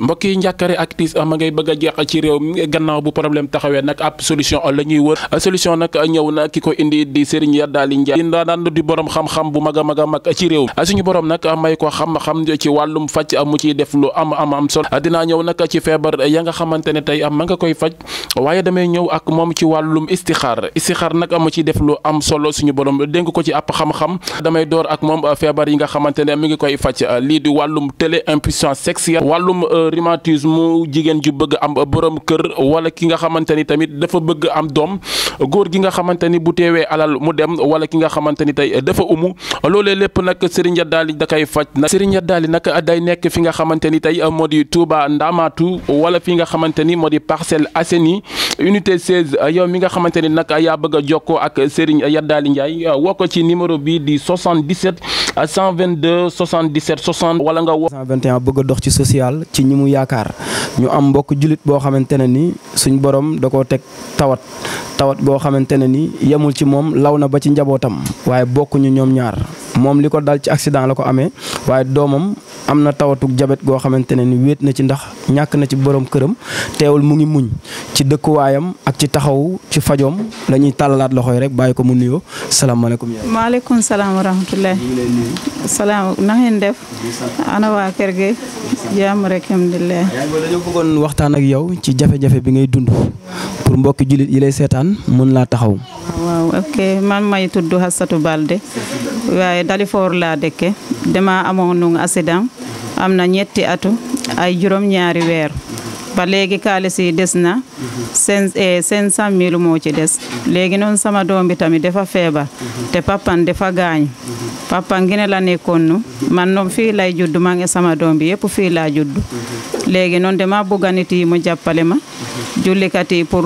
mbokk yi njàkkare ak tiis ah, ma ngay bëgg a jeex ci réew mi gannaaw bu problème taxawee nag ab solution la ñuy wër solution nag ñëw na ki ko indi di Serigne Yadaly Ndiaye di daan di borom xam bu mag a mag mag ci réew ah, suñu borom nag may ko xam-xam ci wàllum faj ah, mu ciy def lu am am solo dinaa ñëw nag ci feebar ya nga xamante ne tey ma nga koy faj waaye damay ñëw ak moom ci wàllum istixaar istixaar nag mu ciy def lu am solo suñu borom dénk ko ci ab xam-xam damay door ak moom feebar yi nga xamante ne mi ngi koy faj lii di wàllum télé impuissance sexuelle wàllum euh, rhumatisme jigéen ju bëgg am borom kër wala ki nga xamante ni tamit dafa bëgg am doom góor gi nga xamante ni bu teewee alal mu dem wala ki nga xamante ni tey dafa umu loole lépp nag Serigne Yadaly da koy faj nag Serigne Yadaly nag day nekk fi nga xamante ni tey moo di Touba ndaamaatu wala fi nga xamante ni moo di Parcelles Assainies unité 16 yow mi nga xamante ni nag yaa bëgg jokkoo ak Serigne Yadaly Ndiaye woo ci numéro bi di 77 vingt 122 77 60 wala nga woo. 121 bëgg a dox ci social ci ñi mu ñu am mbokk jullit boo xamante ne ni suñ boroom da koo teg tawat tawat goo xamante ne ni yemul ci moom law na ba ci njabootam waaye bokkuñu ñoom ñaar moom li ko dal ci accident la ko amee waaye doomam am na tawatu jabet goo xamante ne ni wéet na ci ndax ñàkk na ci boroom këram teewul mu ngi muñ ci dëkkuwaayam ak ci taxaw ci fajoom lañuy ñuy loxo yi rek bàyyi ko mu nuyoo salaamaaleykum. maaleykum salaam wa rahmatulah. salaam na ngeen ana waa kër gi. jàmm rek alhamdulilah. dañoo ak yow ci jafe bi ngay dund pour mbokki jullit yi seetaan mën laa taxaw. man may tudd Hassatou waaye Dalifort laa dëkke dama amoon accident am na ñetti atu ay juróom weer ba léegi kaalis des na eh, cinq cinq moo ci des léegi noonu sama doom bi tamit dafa feebar te papan dafa gaañ papan Guinée la nekkoon nu man noom fii lay judd maa ngi sama doom bi fii laa judd léegi noonu dama bëgg nit yi mu jàppale ma mhm. jullikat yi pour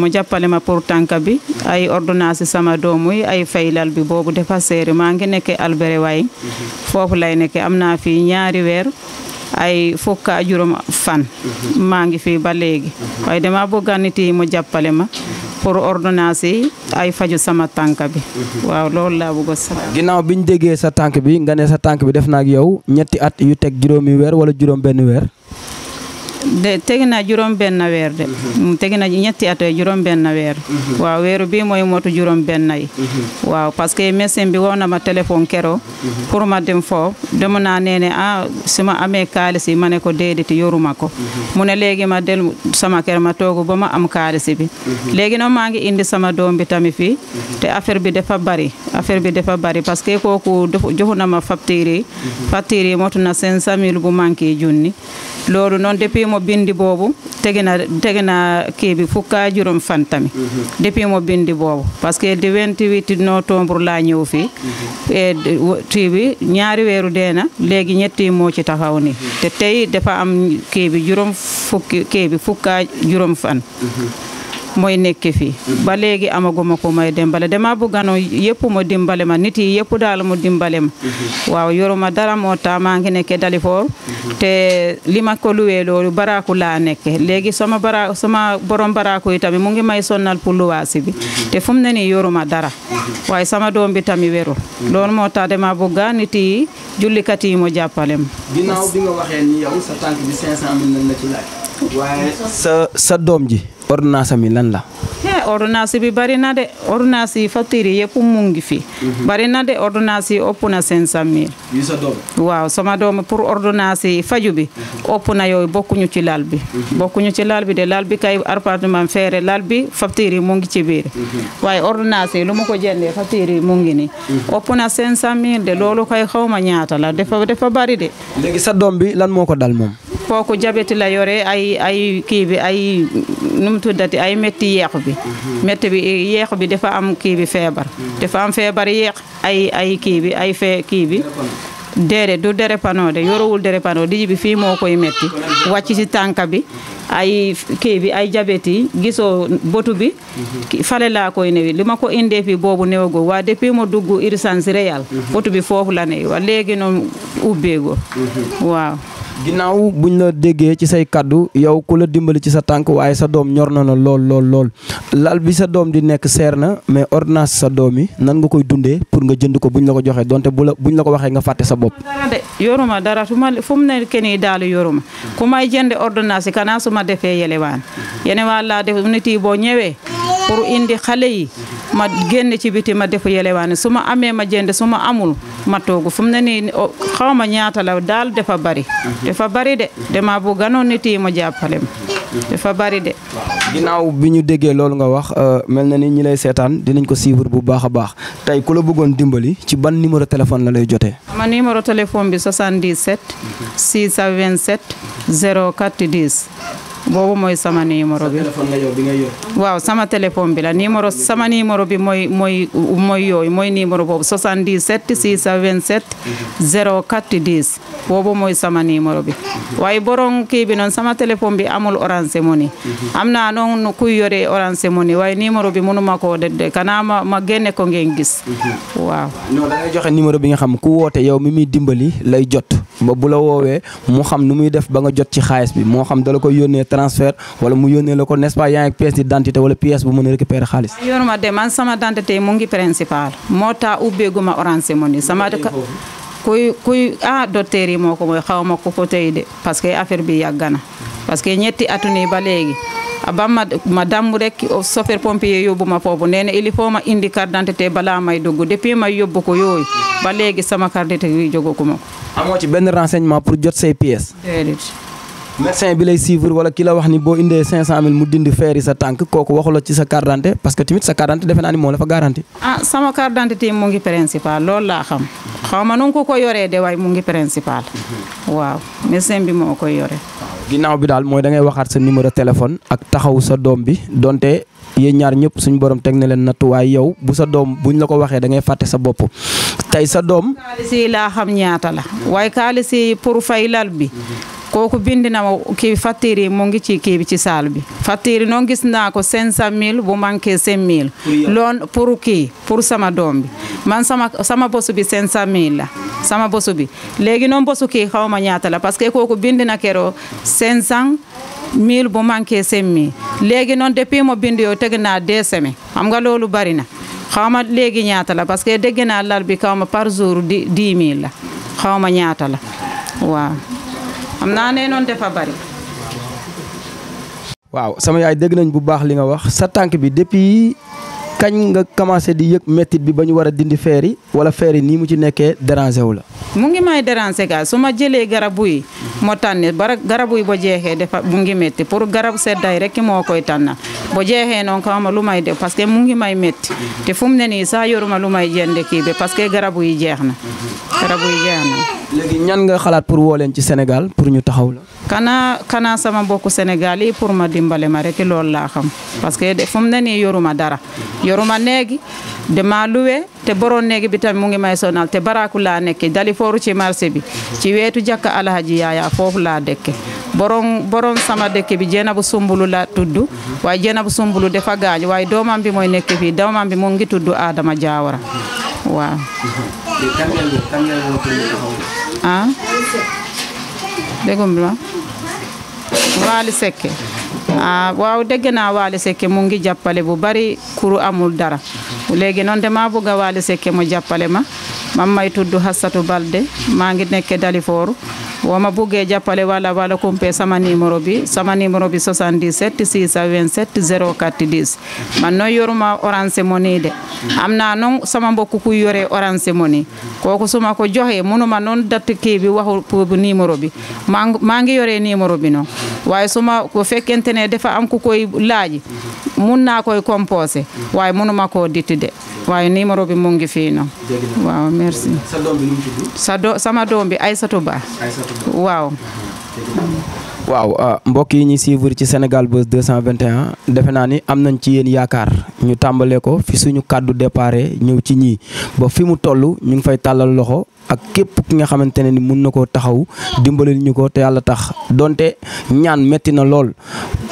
mu jàppale ma pour tànk bi ay ordonnance sama doom ay faylal bi boobu dafa seeri maa ngi nekke albere waay mhm. foofu lay nekke am naa fi ñaari weer ay fukk juróom fan mhm. maa ngi fii ba léegi waaye demaa bëgg nit mu jàppale ma pour ordonnance yi ay faju sama tànk bi waaw loolu laa bëgg sax sa ginnaaw bi ñu déggee sa tànk bi nga ne sa tànk bi def naa yow ñetti at yu teg juróomi weer wala juróom benn weer de teg na juróom benn weer de mhm. teg na ñetti at juróom benn weer mhm. weeru bii mooy motu juróom benn yi mhm. waaw parce que médecin bi woo na ma téléphone kero pour ma dem foofu dama naa nee ne ah su ma amee kaalis yi ma ne ko déedéet yoruma ko mu ne léegi ma del sama ker ma toogu ba ma am kaalis bi léegi nag maa ngi indi sama doom bi tamit fii te affaire bi dafa bari affaire bi dafa bari parce que kooku joxu na ma facture yi facture motu na cinq cent bu manqué junni loolu noonu depuis mo bindi boobu tege na tege na kii bi fukka juróom fan tamit mhm. depuis mo bindi boobu parce que di 28 novembre laa ñëw fii mhm. tii bi ñaari weeru deena léegi ñetti moo ci taxaw ni mhm. te tey dafa am kii juróom fukki kii bi juróom fan mooy nekke fii ba léegi amaguma ko may dimbale dama bëggano yëpp mu dimbale ma nit yi yëpp daal mu dimbale ma waaw yoruma dara moo tax maa ngi nekk Dalifort te li ma ko luwee loolu baraaku laa nekke léegi sama bara sama borom baraaku yi tamit mu ngi may sonnal pour luwaasi bi te fu mu ne nii yoruma dara waaye sama doom bi tamit wérul loolu moo tax dema bëgga nit yi jullikat yi mu jàppale ma sa doom ji ordonnance mi lan la. Eh, ordonnance bi bari na de ordonnance yi facture yi ngi fi. Mhm. bari na de ordonnance yi ëpp na 500000. yi sa doom. waaw sama doom pour ordonnance yi faju bi. Mhm. ëpp na yooyu bokkuñu ci lal bi. Mhm. bokkuñu ci lal bi de lal bi kay appartement feere laal bi facture yi mu ngi ci biir. waaye ordonnance yi lu ma ko jëndee facture yi mu ngi nii. ëpp na 500000 de loolu kay xaw ñaata la dafa dafa bari de. léegi sa doom bi lan moo ko dal moom. kooku jabeti la yore ay ay kii bi ay nu mu tuddati ay métti yeexu bi métti mhm. bi yeexu bi dafa am kii bi feebar mhm. dafa am feebar yeex ay ay kii bi ay fee kii bi déedéet du dérépano de yorowul dérépano di bi fii moo koy metti wàcc si tànka bi ay kii bi ay jabet yi gisoo botu bi mhm. fale laa koy newi li ma ko indee fii boobu newagoo waa depuis ma dugg urgence réelle botu bi foofu la waa léegi noonu ubbeegoo waaw ginnaaw bu ñu la déggee ci say kàddu yow ku la dimbali ci sa tànk waaye sa doom ñor na na lool lool lool lal bi sa doom di nekk seer na mais ordonnance sa doom yi nan nga koy dundee pour nga jënd ko bu buñ la ko joxee donte bu la buñ la ko waxee nga fàtte sa bopp. dara de yoruma dara su ma fu mu nekk nii daal yoruma ku may jënd ordonnance kanaa su ma defee yelewaan yenewaan laa def nit yi boo ñëwee pour indi xale yi ma génn ci biti ma defu yelewaani su ma amee ma jënd su ma amul ma toogu fu mu ne nii xaw ma ñaata la daal dafa bari dafa bari de demaa bu ganoon nit yi mu jàppale ma dafa bari de ginnaaw bi ñu déggee loolu nga wax euh, mel na ni ñi lay seetaan dinañ ko suivre bu baax a baax tey ku la bëggoon dimbali ci ban numéro téléphone la lay jotee ma numéro téléphone bi 77 627 04 10 boobu mooy sama numéro bi. waaw sama téléphone bi la numéro sama numéro bi mooy mooy mooy yooyu mooy numéro boobu 77 627 04 10 boobu mooy sama numéro bi. waaye borom kii bi sama téléphone bi amul Orange Money. am naa noonu kuy yore Orange Money waaye numéro bi mënuma koo dédde kanaa ma ma ko ngeen gis. waaw. non da ngay joxe numéro bi nga xam ku woote yow mi muy dimbali lay jot ba bu la woowee mu xam nu muy def ba nga jot ci xaalis bi moo xam dala koy yónnee transfert wala mu yónnee la ko n'est-ce pas yaa ngi pièce d'identité wala pièce bu mën a récupérer xaalis yoruma de man sama identité mu ngi principal moo tax ubbeeguma Orange Money sama kuy kuy ah docteur yi moo ko mooy xaw ma ko ko tey de parce que affaire bi yàgg na parce que ñetti at nii ba léegi ba ma ma damm rek chauffeur pompier yóbbu ma foofu nee na il faut ma indi carte d'identité balaa may dugg depuis ma yóbbu ko yooyu ba léegi sama kar d'identité yi jógu ko ma ko. amoo ci pour jot say médecin bi lay suivre wala ki wax ni boo indee 500000 mu dindi feeri sa tànk kooku waxula ci sa carte parce que tamit sa carte defe naa ni moom la fa garanti. ah sama carte d'identité mu ngi principal loolu laa xam xaw ma nu ko ko yoree de waaye mu ngi principal waaw médecin bi moo koy yore. ginnaaw bi daal mooy da ngay waxaat sa numéro téléphone ak taxaw sa doom bi donte yéen ñaar ñëpp suñu borom teg na leen nattuwaay yow bu sa doom buñ la ko waxee da ngay fàtte sa bopp tey sa doom. kaalis laa xam ñaata la waaye bi. kooku bind na ma kii facture yi mu ngi ci kii bi ci saal bi facture yi gis naa ko 500000 bu manqué 5000. loon pour kii pour sama doom bi man sama sama bosu bi 500000 la sama bosu bi léegi noonu bosu kii xaw ma ñaata la parce que kooku bind na keroo 500 1000 bu manqué 5000 léegi noonu depuis mo bind yow teg naa 2 semaines xam nga loolu bari na. xaw léegi ñaata la parce que dégg naa lal bi xaw ma par jour di 10 la xaw ma ñaata la waaw. xam naa ne noonu dafa bari. waaw sama yaay dégg nañ bu baax li nga wax sa tànk bi depuis kañ nga commencé di yëg méttit bi ba ñu war a dindi feer yi wala feer yi nii mu ci nekkee déranger wu la. mu ngi may déranger ga su ma jëlee garabu yi. Mhm. moo tànn bara garabu yi ba jeexee dafa mu ngi métti pour garab seddaay rek moo koy tànna boo jeexee noonu xawma lu may def parce que mu ngi may métti mhm. te fu mu ne nii saa yoruma lu may jënd kii bi parce que garabu yi jeex na mhm. garabu yi jeex na. ñan nga xalaat pour woo leen ci Sénégal pour ñu taxaw la. kana sama mbokku Sénégal yi pour ma dimbale ma rek lool laa xam parce que fu mu ne nii yoruma dara yoruma néegi dama luwe te borom néegi bi tamit mu ngi may sonal te baraaku laa nekk dali fooru ci marché bi ci weetu jàkka alhaji yaaya foofu laa dëkke borom borom sama dëkk bi Jeenabu Sumbulu laa tudd waaye Jeenabu Sumbulu dafa gaañ waaye doomam bi mooy nekk fii doomam bi mu ngi tudd Adama Jaawara déggoo ma Waly Seck ah waaw dégg naa Waly Seck mu ngi jàppale bu bari kuru amul dara léegi noonu de maa bëgg a Waly Seck mu jàppale ma man may tudd Hassatu Balde maa ngi nekk Dalifort woma buggee jàppale walla walla kumpe sama numéro bi sama numéro bi 77 627 04 10 man noon yoruma Orange Money de am naa noon sama mbokk ku yore Orange Money kooku suma ko joxee mënuma noon dat kii bi waxu pour numéro bi maa ngi yore numéro bi noon waaye suma ko fekkente ne dafa am ku koy laaji mun naa koy composé waaye mënuma koo dit de waaye numéro bi mu ngi fii noon bi sama doom bi Aïssatou waaw. waaw ah, mbokk yi ñuy suivre ci Sénégal Buzz 221 defe naa ni am nañ ci yéen yaakaar ñu tàmbalee ko fi suñu kàddu départ ñëw ci ñii ba fi mu toll ñu ngi fay tàllal loxo ak képp ki nga xamante ne ni mun na koo taxaw dimbalil ñu ko te yàlla tax donte ñaan metti na lool.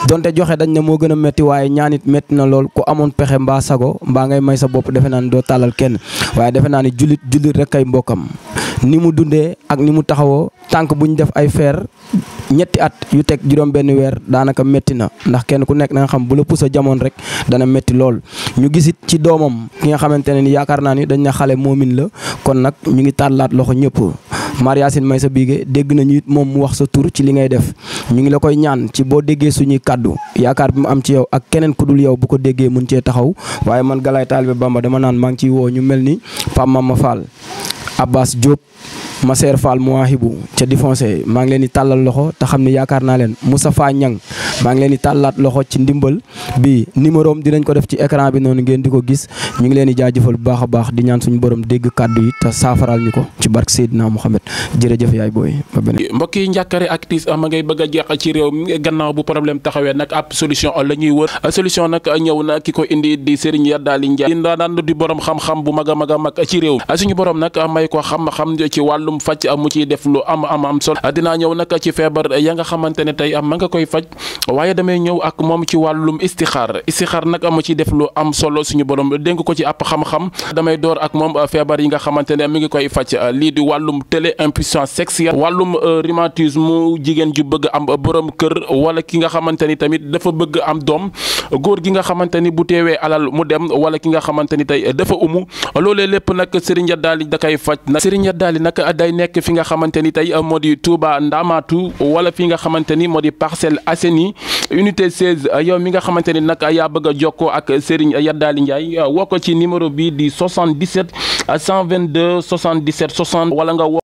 donte joxe dañ na moo gën a métti waaye ñaanit métti na lool ku amoon pexe mbaa sago mbaa ngay may sa bopp defe naa ni doo tàllal kenn waaye defe naa ni jullit jullit rek ay mbokkam ni mu dundee taxawoo. tànk bu ñu def ay feer ñetti at yu teg juróom benn weer daanaka métti na ndax kenn ku nekk na nga xam bu la pousse jamono rek dana métti lool ñu gisit ci doomam ki nga xamante ne ni yaakaar naa ni dañ na xale moomin la kon nag ñu ngi tàllaat loxo ñëpp Maria Sine sa biige dégg nañu it moom mu wax sa tur ci li ngay def ñu ngi la koy ñaan ci boo déggee suñuy kàddu yaakaar bi mu am ci yow ak keneen ku dul yow bu ko déggee mun cee taxaw waaye man Galaye Talibé Bamba dama naan maa ngi ciy woo ñu mel ni Pape Mama Fall Abbas Masseer Fall Mouahibou ca Défoncé maa ngi leen di tàllal loxo te xam ne yaakaar naa leen Moustapha Niang maa ngi leen di tàllaat loxo ci ndimbal bi numéro am dinañ ko def ci écran bi noonu ngeen di ko gis ñu ngi leen di jaajëfal bu baax a baax di ñaan suñu borom dégg kàddu yi te saafaral ñu ko ci barke Seydina Mohamed jërëjëf yaay booy mbokk yi njàkkare ak tiis ah, ma ngay bëgg jeex ci réew mi gannaaw bu problème nag ab solution la ñuy wër solution nag ñëw na ki ko indi di Serigne Yadaly Ndiaye daan di borom xam bu mag a a mag ci réew suñu borom nag may ko xam-xam ci wàllum faj ah, mu ciy def lu am am am dinaa ñëw nag ci feebar ya nga xamante ne tey ah, ma nga koy faj waaye damay ñëw ak moom ci wàllum istixaar istixaar nag mu ci def lu am solo suñu borom dénk ko ci àpp xam-xam damay door ak moom euh, feebar yi nga xamante ne mi ngi koy faj euh, lii di wàllum télé impuissance sexuelle wàllum euh, rhumatisme jigéen ju bëgg am borom kër wala ki nga xamante ni tamit dafa bëgg am doom góor gi nga xamante ni bu teewee alal mu dem wala ki nga xamante ni tey dafa umu loole lépp nag Serigne Yadaly da koy faj nag Serigne Yadaly nag day nekk fi nga xamante ni tey moo di Touba Ndamatu wala fi nga xamante ni moo di Parcelles Assainies unité 16 euh, yow mi nga xamante ni nag yaa bëgg a jokkoo ak a Yadaali Ndiaye euh, woo ko ci numéro bi di 77 122 77 60 wala nga